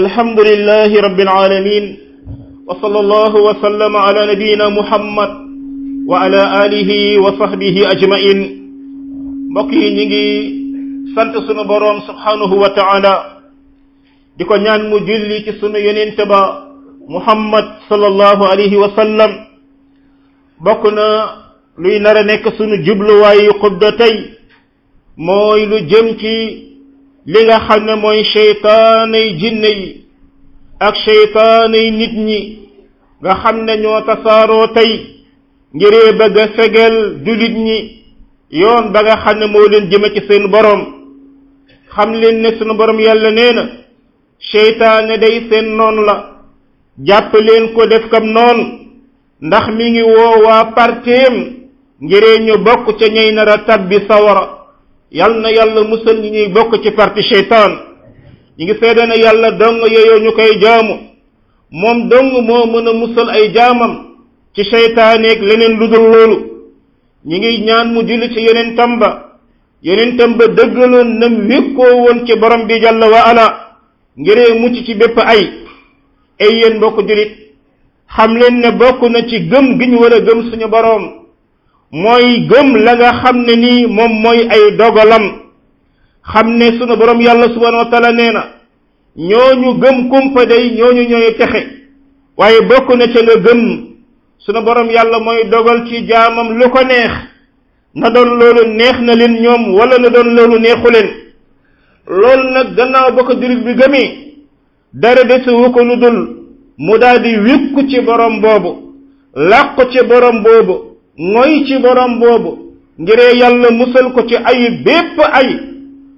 alhamdulilahi rabbil aalamiin wa sallallahu wa sallam ala nabiyyina muhammad wa ala alihi wa sahbihi ajmain mbokk yi ñu ngi sant sunu boroom subhanahu wa taala di ko ñaan mu julli ci sunu yonent ba muhammad sallallahu alayhi wa sallam bokk na luy nar nekk sunu jubluwaayu xudda tey mooy lu jëm li nga xam ne mooy seytaanay jinne yi ak seytaanay nit ñi nga xam ne ñoo tasaaroo tey ngiree bëgg a jullit ñi yoon ba nga xam ne moo leen jëme ci seen boroom xam leen ne sunu borom yàlla nee na seytaane day seen noon la jàpp leen ko def kam noonu ndax mi ngi woowaa parteem ngiree ñu bokk ca ñey nar a tabbi sawara yal na yàlla musal ñi ñuy bokk ci parti seytaan ñi ngi seede ne yàlla dong yeyoo ñu koy jaamu moom dong moo mën a musal ay jaamam ci seytaaneeg leneen lu dul loolu ñi ngi ñaan mu julli ci yeneen tamba yeneen tamba dëggaloon nam ko woon ci borom bi jàlla wa ala ngiree mucc ci bépp ay ay yéen mbokk jullit xam leen ne bokk na ci gëm gi ñu war a gëm suñu boroom mooy gëm la nga xam ne nii moom mooy ay dogalam xam ne sunu borom yàlla subhanahu wa taala nee na ñooñu gëm kumpa day ñooñu ñooy texe waaye bokk na ca nga gëm sunu borom yàlla mooy dogal ci jaamam lu ko neex na doon loolu neex na leen ñoom walla na doon loolu neexu leen loolu nag gannaaw ba ko jullit bi gëmee dara desewu ko lu dul mu daal di ci borom boobu làqu ci borom boobu mooy ci borom boobu ngiree yàlla musal ko ci ay bépp ay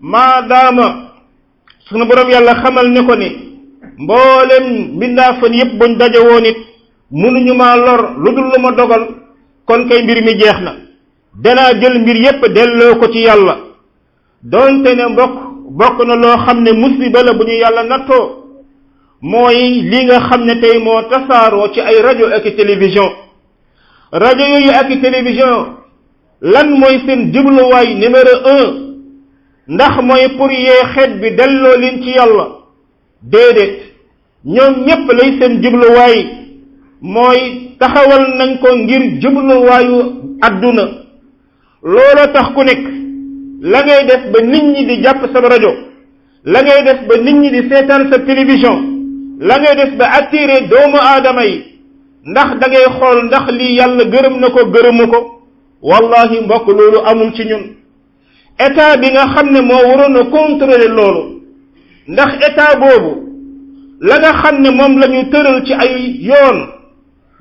maadaama sunu borom yàlla xamal ne ko ni mboolem mbindaafan yépp buñ daje woon it mënuñu maa lor lu dul lu ma dogal kon kay mbir mi jeex na danaa jël mbir yépp delloo ko ci yàlla doonte ne mbokk bokk na loo xam ne musiba la bu ñu yàlla nattoo mooy li nga xam ne tey moo tasaaroo ci ay rajo ak télévision rajo yooyu ak i télévision lan mooy seen jubluwaay numéro un ndax mooy pour yee xeet bi delloo leen ci yàlla déedéet ñoom ñépp lay seen jubluwaay mooy taxawal nañ ko ngir jubluwaayu àdduna looloo tax ku nekk la ngay def ba nit ñi di jàpp sa rajo la ngay def ba nit ñi di seetaan sa télévision la ngay def ba attirer doomu aadama yi ndax da ngay xool ndax lii yàlla gërëm na ko gërëmu ko wallahi mbokk loolu amul ci ñun état bi nga xam ne moo waroon a contrôler loolu ndax état boobu la nga xam ne moom lañuy tëral ci ay yoon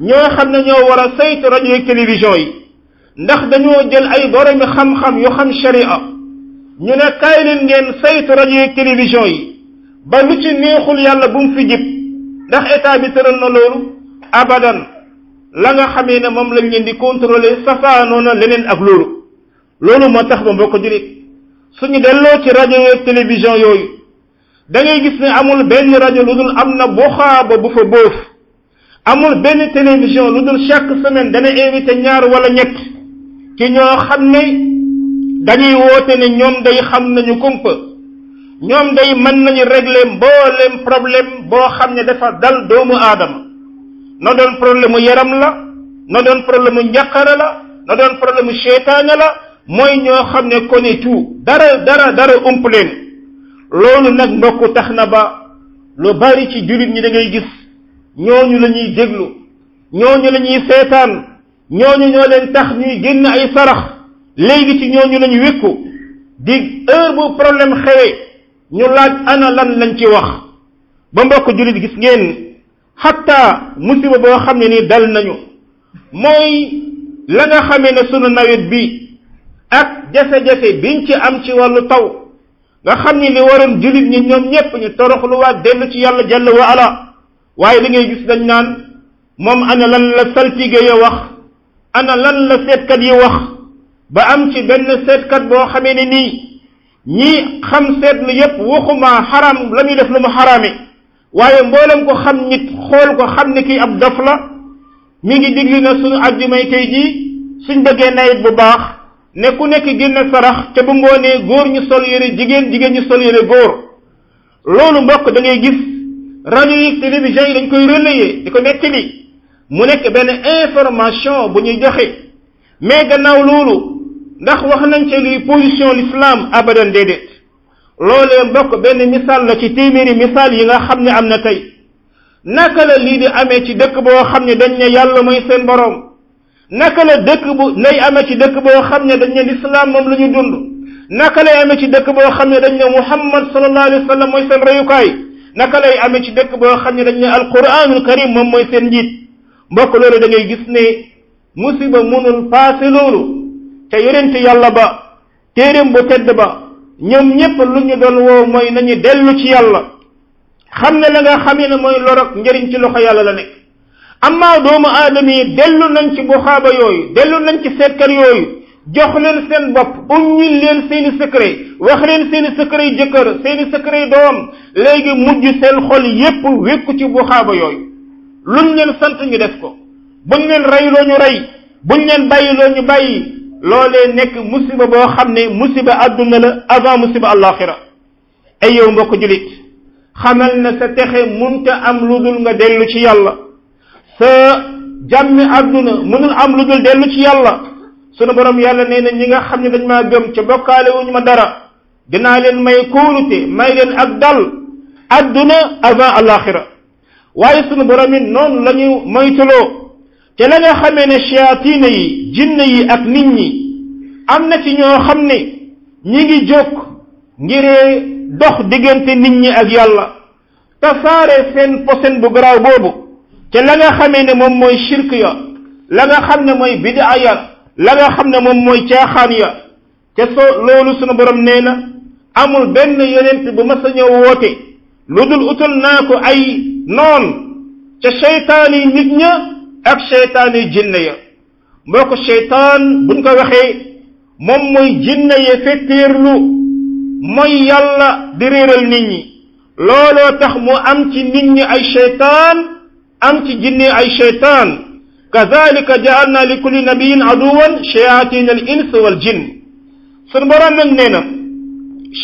ñoo xam ne ñoo war a saytu rajo ak télévision yi ndax dañoo jël ay boromi xam-xam yu xam sharia ñu ne kaay leen ngeen saytu rajo ak télévision yi ba lu ci neexul yàlla bu mu ndax état bi tëral na loolu abadan la nga xamee ne moom lañu leen di contrôler safaanoo na leneen ak loolu loolu moo tax ba mbokk jullit suñu delloo ci rajo yeeg télévision yooyu dangay ngay gis ne amul benn rajo lu dul am na buxaaba bu fa boof amul benn télévision lu dul chaque semaine dana invité ñaar wala ñett ci ñoo xam ne dañuy woote ne ñoom day xam nañu kumpa ñoom day mën nañu régler mboolem problème boo xam ne dafa dal doomu aadama na doon problème yaram la na doon problème mu njàqare la na problème mu seetaane la mooy ñoo xam ne kone tout dara dara dara ump leen loolu nag ndokku tax na ba lu bari ci jullit ñi da gis ñooñu la ñuy déglu ñooñu la ñuy seetaan ñooñu ñoo leen tax ñuy génn ay sarax léegi ci ñooñu la ñu wékku di heure bu problème xewee ñu laaj ana lan lañ ci wax ba mbokk jullit gis ngeen xatta musiba boo xam ne ni dal nañu mooy la nga xamee ne sunu nawet bi ak jafe-jafe biñ ci am ci wàllu taw nga xam ni li waroon jullit ñi ñoom ñépp ñu toroxluwaat dellu ci yàlla jàll wa ala waaye li ngay gis dañ naan moom ana lan la saltige ya wax ana lan la seetkat yi wax ba am ci benn seetkat boo xamee ne nii ñi xam seetlu yépp waxuma xaram la def lu mu xaraame waaye mboolem ko xam nit xool ko xam ne kii ab dof la mi ngi digli na suñu àjjumay tey jii suñ bëggee nawet bu baax ne ku nekk génne sarax te bu ngoonee góor ñu sol yére jigéen jigéen ñu sol yére góor loolu mbokk da ngay gis rajo yi télévision yi dañ koy relayer di ko nekk nettali mu nekk benn information bu ñuy joxe mais gannaaw loolu ndax wax nañ ci luy position l'islam abadan déedéet loolee mbokk benn misaal la ci téeméeri misaal yi nga xam ne am na tey naka la lii di amee ci dëkk boo xam ne dañ ne yàlla mooy seen boroom naka la dëkk bu nay amee ci dëkk boo xam ne dañ ne lislaam moom la ñu dund naka lay amee ci dëkk boo xam ne dañ ne muhammad sallallahu alayhi wa sallam mooy seen reyukaay naka lay amee ci dëkk boo xam ne dañ ne alquranul karim moom mooy seen njiit mbokk loolu da ngay gis ne musiba munul paase loolu te yonent yàlla ba téeréem bu tedd ba ñoom ñépp lu ñu doon woo mooy nañu dellu ci yàlla xam ne la nga xamee ne mooy lorog njëriñ ci loxo yàlla la nekk amma doomu aadama yi dellu nañ ci buxaaba yooyu dellu nañ ci seetkat yooyu jox leen seen bopp uññil leen seeni secret wax leen seeni secret yi jëkkër seeni secret yi doom léegi mujj seen xol yépp wékku ci buxaaba yooyu luñ leen sant ñu def ko buñ leen reyloo ñu rey buñ leen bàyyiloo ñu bàyyi loolee nekk musiba boo xam ne musiba àdduna la avant musiba àllaaxira ay yow mbokk julit xamal na sa texe munta am lu dul nga dellu ci yàlla sa jàmmi àdduna mënul am lu dul dellu ci yàlla sunu borom yàlla ne na ñi nga xam ne dañ maa gëm ca bokkaale wuñu ma dara dinaa leen may kóolute may leen ak dal àdduna avant àllaaxira waaye sunu borom it noonu la ñu te la nga xamee ne shayatina yi jinne yi ak nit ñi am na ci ñoo xam ne ñi ngi jóg ngiree dox diggante nit ñi ak yàlla tasaare seen posen bu garaaw boobu te la nga xamee ne moom mooy shirk laga xam na mooy bidaa ya xam na moom mooy caaxaan ya te soo loolu sunu borom nee na amul benn yonent bu mas a woote lu dul utal naa ko ay noon ca seytaan nit ña ak seytaane jinne ya mbokk seytaan buñ ko waxee moom mooy jinne ya fettéerlu mooy yàlla di réeral nit loo looloo tax mu am ci nit ay seytaan am ci jinne ay seytaan kazalika jaalna li kulli nabiyin aduwan shayatin al ins wal jinn sunu boroom nag nee na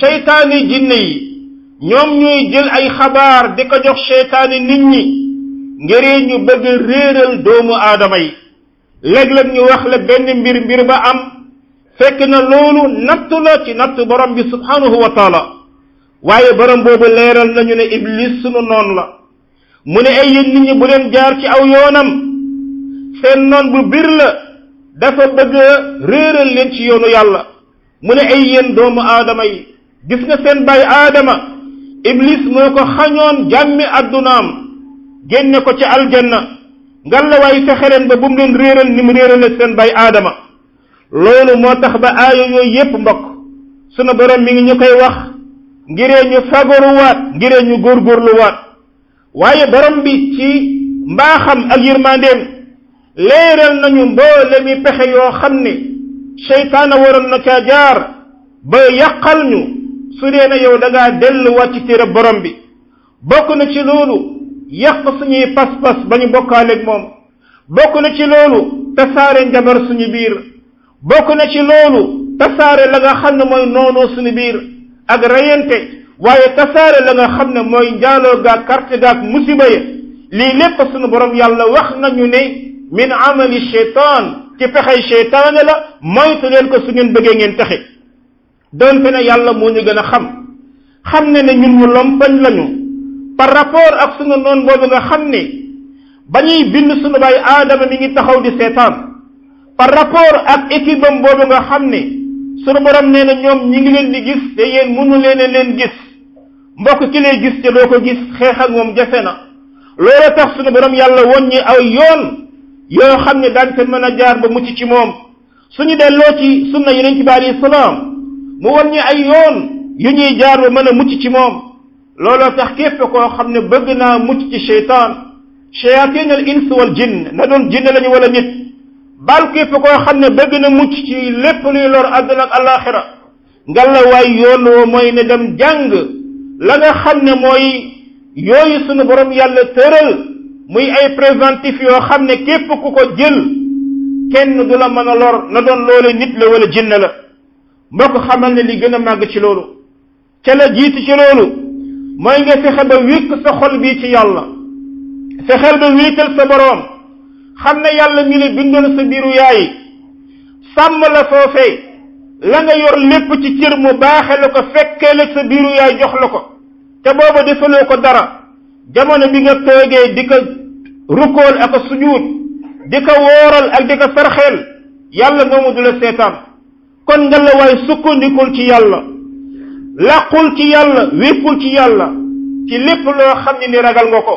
seytaane jinne ñoom ñuy jël ay xabaar di ko jox seytaane nit ñi ngir ñu bëgg réeral doomu aadama yi léeg-léeg ñu wax benn mbir mbir ba am fekk na loolu natt la ci natt borom bi subhanahu wa taala waaye borom boobu leeral nañu ne iblis sunu noon la mu ne ay nit ñi bu leen jaar ci aw yoonam seen noon bu bir la dafa bëgg réeral leen ci yoonu yàlla mu ne ay doomu aadama yi gis nga seen baay aadama iblis moo ko xañoon jàmmi addunaam génne ko ci aljanna ngalla waay fexe leen ba bu mu leen réeral ni mu réerale seen bay aadama loolu moo tax ba aayo yooyu yépp mbokk sunu borom mi ngi ñu koy wax ngiree ñu fagaruwaat ngiree ñu góorgóorluwaat waaye borom bi ci mbaaxam ak yërmandeem leeral nañu mboole mi pexe yoo xam ne seytaana waroon na caa jaar ba yàqal ñu su dee na yow da ngaa delluwaat borom bi bokk na ci loolu yàq suñuy pas-pas ba ñu bokkaaleeg moom bokk na ci loolu tasaare njabar suñu biir bokk na ci loolu tasaare la xam na mooy noonoo suñu biir ak rayante waaye tasaare la nga xam ne mooy njaaloo gaag karte gaag musiba ya lii lépp suñu borom yàlla wax nañu ne min amali sheytaan ci pexey sheytaane la moytu leen ko su bëggee ngeen texe donte ne yàlla moo ñu gën a xam xam ne ne ñun ñu lompañ lañu par rapport ak sunu noon boobu nga xam ni ba ñuy bind sunu baay aadama mi ngi taxaw di seetaan par rapport ak équipe am boobu nga xam ne sunu borom nee na ñoom ñi ngi leen di gis te yéen mënu leen a leen gis mbokk ki lay gis te doo ko gis xeex ak moom jafe na loolu tax sunu borom yàlla ñi ay yoon yoo xam ne daan ko mën a jaar ba mucc ci moom suñu delloo ci sunna yeneen ci bi alayhi salaam mu woññi ay yoon yu ñuy jaar ba mën a mucc ci moom looloo tax képp koo xam ne bëgg naa mucc ci sheytaan shayatin al ins wal jinn na doon jinn lañu wala nit bal képp koo xam ne bëgg na mucc ci lépp luy lor àdduna ak alaxira ngalla waay yoon woo mooy ne dem jàng la nga xam ne mooy yooyu sunu borom yàlla tëral muy ay préventif yoo xam ne képp ku ko jël kenn du la mën a lor na doon loole nit la wala jinn la mbokk xamal ne li gën a màgg ci loolu ca la ci loolu mooy nga fexe ba wékk sa xol ci yàlla fexeel ba wéetal sa boroom xam ne yàlla mi la bindoon sa biiru yaay sàmm la foofee la nga yor lépp ci cër mu baaxe la ko fekkee la sa biiru yaay jox la ko te booba defaloo ko dara jamono bi nga toogee di ko rukkool ak a sujuut di ko wooral ak di ko yàlla moomu du la seetaan kon nga la waay sukkandikul ci yàlla làqul ci yàlla wékkul ci yàlla ci lépp loo xam ne ni ragal nga ko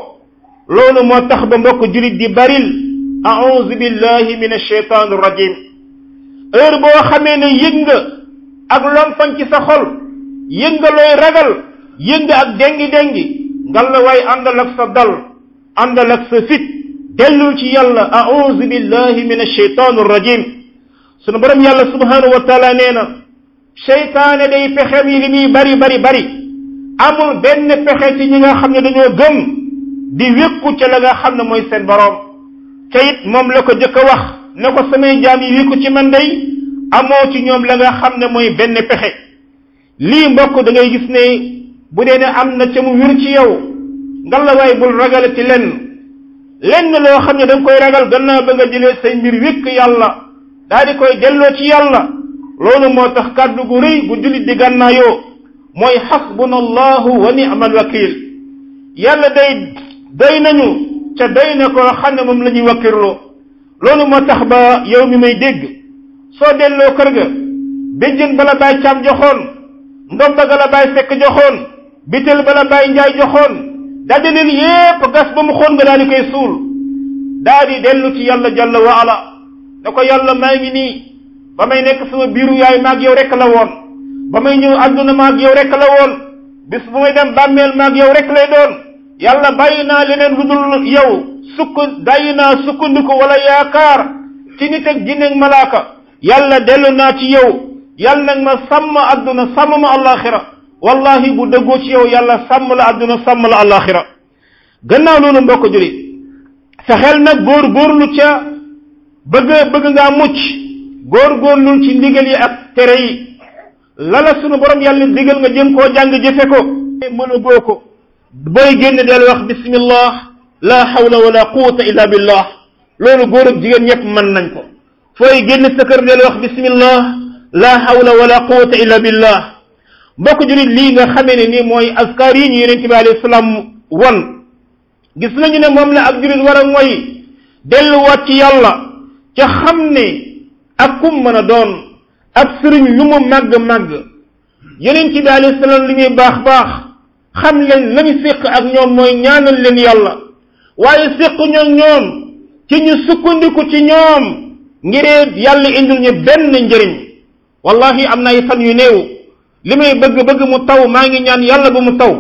loolu moo tax ba mbokk jullit di baril auzu billahi min ashaytan rajim heure boo xamee ni yëg nga ak lomfañ ci sa xol yëg nga looy ragal yëg nga ak déngi-déngi ngal la waay àndal ak sa dal àndal ak sa fit dellul ci yàlla auzu billahi min ashaytan rajim sunu borom yàlla subhanahu wa taala nee na seytaane day pexe yi li muy bari bari bari amul benn pexe ci ñi nga xam ne dañoo gëm di wékku ca la nga xam ne mooy seen boroom ca it moom la ko jëkk a wax ne ko samay jaam yi ci man day amoo ci ñoom la nga xam ne mooy benn pexe lii mbokk da ngay gis ne bu dee ne am na ca mu wér ci yow nga la waay bul ragalati lenn lenn loo xam ne da koy ragal gannaaw ba nga jëlee say mbir wékk yàlla daa di koy delloo ci yàlla loolu moo tax kàddu gu rëy bu jullit di gànnaayoo mooy xasbuna allahu wa ni'mal wakiil yàlla day doy nañu ca doy na koo xam ne moom la ñuy wakkirloo loolu moo tax ba yow mi may dégg soo delloo kër ga béjjën bala baay caam joxoon ndomba ga la baay fekk joxoon bala baay njaay joxoon daldi leen yépp gas ba mu xoon nga daal di koy suul da di dellu ci yàlla jalla wa ala ne ko yàlla maa ngi nii ba may nekk sama biiru yaay maag yow rek la woon ba may ñëw àdduna maag yow rek la woon bis bu may dem bàmmeel maag yow rek lay doon yàlla bàyyi naa leneen lu dul yow sukk bàyyi naa sukkandiku wala yaakaar ci nit ak jinne ak malaaka yàlla dellu naa ci yow yàlla nag ma sàmm àdduna sàmm ma àllaaxira wallahi bu dëggoo ci yow yàlla sàmm la àdduna sàmm la àllaaxira gannaaw loolu mbokk jullit sa xel nag góor góorlu ca bëgg bëgg ngaa mucc góor góor lu ci ndigal yi ak tere yi lala sunu borom yàlla digal ma jëm koo jàng jëfe ko mënu goo ko booy génn del wax bismillah la hawla wala quwata illa billah loolu góor ak jigéen ñëpp mën nañ ko fooy génn sa kër del wax bismillah la hawla wala quwata illa billah mbokk jurit lii nga xamee ne nii mooy askar yi ñu yonent bi alayhi salaam won gis nañu ne moom la ak jurit war a mooy delluwaat ci yàlla ca xam ak kum mën a doon ab sëriñ lu mu màgg-màgg yeneen ci bi alayhi salaam li ñuy baax baax xam leen lañu séq ak ñoom mooy ñaanal leen yàlla waaye séq ñoom ñoom ci ñu sukkandiku ci ñoom ngiree yàlla indil ñu benn njëriñ wallahi am na ay fan yu néew li may bëgg-bëgg mu taw maa ngi ñaan yàlla bu mu taw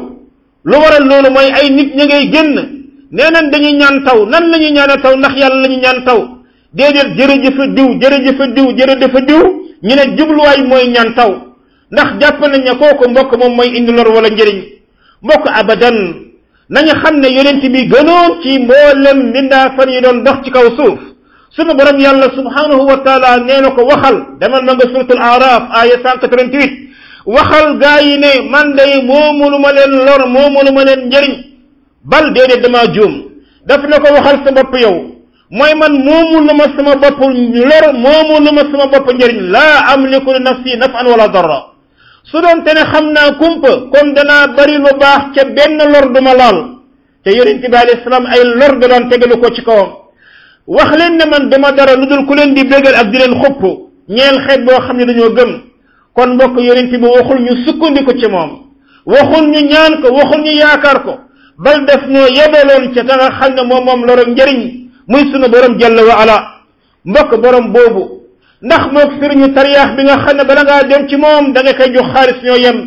lu waral loolu mooy ay nit ñi ngay génn nee nan dañuy ñaan taw nan la ñuy ñaan taw ndax yàlla la ñaan taw déedéet jërëjëfa diw jërëjëfa diw jërëjëfa diw ñu ne jubluwaay mooy ñaan taw ndax jàpp nañ ne kooku mbokk moom mooy indi lor wala njëriñ mbokk abadan nañu xam ne yonent bi gënoon ci mboolem mbindaa fan yi don dox ci kaw suuf sunu borom yàlla subhanahu wa taala nee na ko waxal demal na nga suratul araf aya 188 waxal gaa yi ne man day moo ma leen lor moomulu ma leen njëriñ bal déedéet damaa juum daf na ko waxal sa bopp yow mooy man moomu lu ma sama bopp lor moomu lu ma sama bopp njëriñ laa amliku li nafsi nafan wala darra su doon te ne xam naa kumpa kon danaa bari lu baax ca benn lor du ma laal te yonent bi alayhi salaam ay lor da daan tegalu ko ci kawam wax leen ne man dama dara lu dul ku leen di bégal ak di leen xupp ñeel xeet boo xam ne dañoo gëm kon mbokk yonent bi waxul ñu sukkandiku ci moom waxul ñu ñaan ko waxul ñu yaakaar ko bal def noo yebaloon ca ta nga na ne moom moom lor ak njëriñ muy sunu borom jalla wa ala mbokk borom bobu ndax moog sëriñu tariyaax bi nga xam ne bala ngaa dem ci moom da nga koy jox xaalis ñoo yem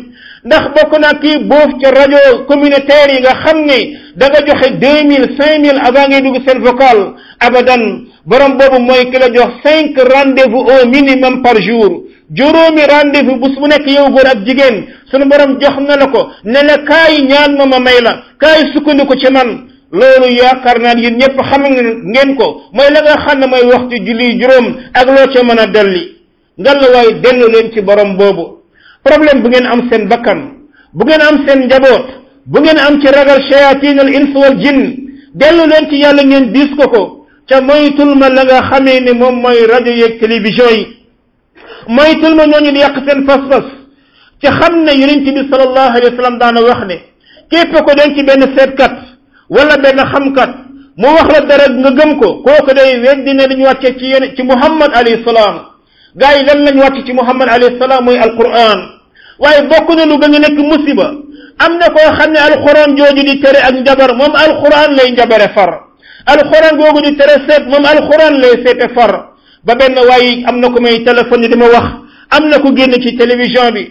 ndax bokk naa kii boof ca rajo communautaire yi nga xam ne da nga joxe deux mille cinq mille avant ngay dugg seen vocal abadan borom boobu mooy ki la jox cinq rendez-vous au minimum par jour juróomi rendez-vous bés bu nekk yow góor ak jigéen sunu borom jox na la ko ne la kaay ñaan ma ma may la kaay sukkandiku ci man loolu yaakaar naa yéen ñëpp xam ngeen ko mooy la nga xam ne mooy waxtu julli juróom ak loo ca mën a dolli ngalla waay dellu leen ci borom boobu problème bu ngeen am seen bakkan bu ngeen am seen njaboot bu ngeen am ci ragal shayatin al ins wal jinn dellu leen ci yàlla ngeen diis ko ko ca moytul ma la nga xamee ne moom mooy rajo yeeg télévision yi moytul ma ñooñu di yàq seen fas-fas ca xam ne yonent bi sallallahu alayhi wa sallam daana wax ne képp ko denc benn seetkat wala xam xamkat mu wax la dara nga gëm ko kooku day weddi ne dañu wàcce ci yéen ci muhammad alayhi salaam gars yi lan lañ wàcce ci muhammad alayhi salaam mooy alquran waaye bokk na lu ga a nekk musiba am na koo xam ne alquran jooju di tere ak njabar moom alquran lay njabare far alquran googu di tere seet moom alquran lay seete far ba benn waaye am na ko may téléphone yi dama wax am na ko génn ci télévision bi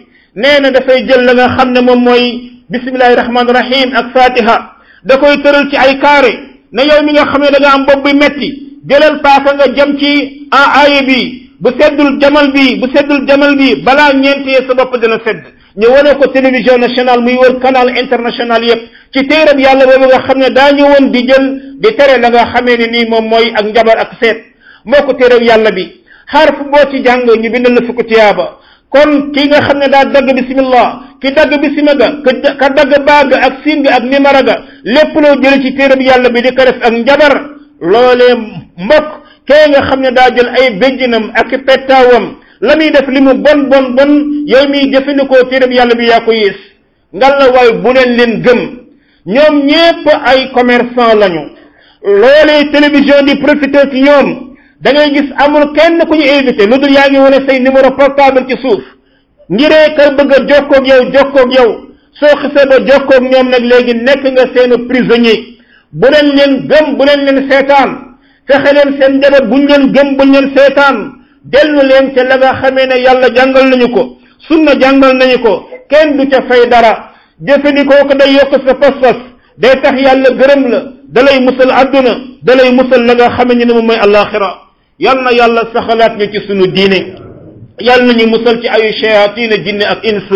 nee na dafay jël la nga xam ne moom mooy bismillahi rahmaani rahim ak fatiha da koy tëral ci ay carré ne yow mi nga xam ne da nga am bopp bi metti jëlal paaka nga jam ci aaye bi bu seddul jamal bi bu seddul jamal bi balaa ñeentee sa bopp dina sedd ñu wane ko télévision nationale muy wër kanal international yëpp ci téerab yàlla boobu nga xam ne daa ñëwoon di jël di tere la nga xamee ne nii moom mooy ak njabar ak seet moo ko téerab yàlla bi xarf boo ci jàng ñu bindal la fukk tiyaaba kon ki nga xam ne daa dagg bismillah ki dagg bisima ga ka dagg baa ga ak siin ga ak nimara ga lépp loo jële ci téere yàlla bi di ko def ak njabar loolee mbokk kee nga xam ne daa jël ay béjjinam ak pettaawam la muy def li mu bon bon bon yow miy jëfandikoo téere bi yàlla bi yaa ko yées ngal la waaye bu leen leen gëm ñoom ñépp ay commerçant lañu loolee télévision di profité ci ñoom da ngay gis amul kenn ku ñu invité lu dul yaa ngi wane say numéro portable ci suuf ngiree kër bëgg a jokkoog yow jokkoog yow soo xisee ba jokkoog ñoom nag léegi nekk nga seenu prisonnier bu leen leen gëm bu leen leen seetaan fexe leen seen njaboot buñ leen gëm buñ leen seetaan dellu leen ca la nga xamee ne yàlla jàngal nañu ko sunna jàngal nañu ko kenn du ca fay dara jëfandikoo ko day yokk sa pas-pas day tax yàlla gërëm la dalay musal àdduna dalay musal la nga xamee ne moom mooy àllaaxira yal na yàlla saxalaat ñu ci sunu diine yal nañu musal ci ayu shayatina jinne ak ins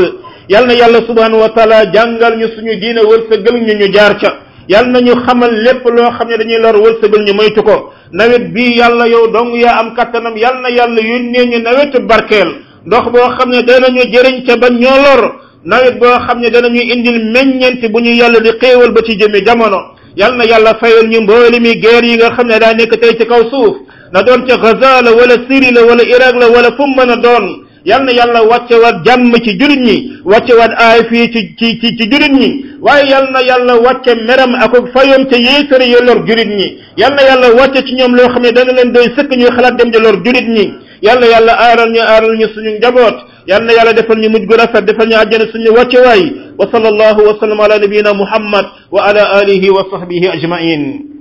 yal na yàlla subhanahu wa taala jàngal ñu suñu diine wërsëgal ñu ñu jaar ca yal na ñu xamal lépp loo xam ne dañuy lor wërsëgal ñu moytu ko nawet bii yàlla yow dong yaa am kattanam yal na yàlla yónnee ñu nawetu barkeel ndox boo xam ne danañu jëriñ ca ba ñoo lor nawet boo xam ne danañu indil meññeent bu ñu yàlla di xéewal ba ci jëmi jamono yal na yàlla fayal ñu mboolemi guerre yi nga xam ne daa nekk tey ci kaw suuf na doon ca Gaza la wala Syrie la wala Irak la wala fu mu mën a doon yal na yàlla wàccewaat jàmm ci jullit ñi wàccewaat aay fii ci ci ci ci jullit ñi waaye yal na yàlla wàcce meram ak fayoom ca yéefari ya lor jullit ñi yal na yàlla wàcce ci ñoom loo xam ne dana leen doy sëkk ñuy xalaat dem di lor jullit ñi yal na yàlla aaral ñu ñu suñu njaboot yal na yàlla defal ñu mujj gu rafet defal ñu àjjana suñu wàccewaay wa sallallahu wa sallam ala nabiyina muhammad wa ala alihi wa sahbihi ajmain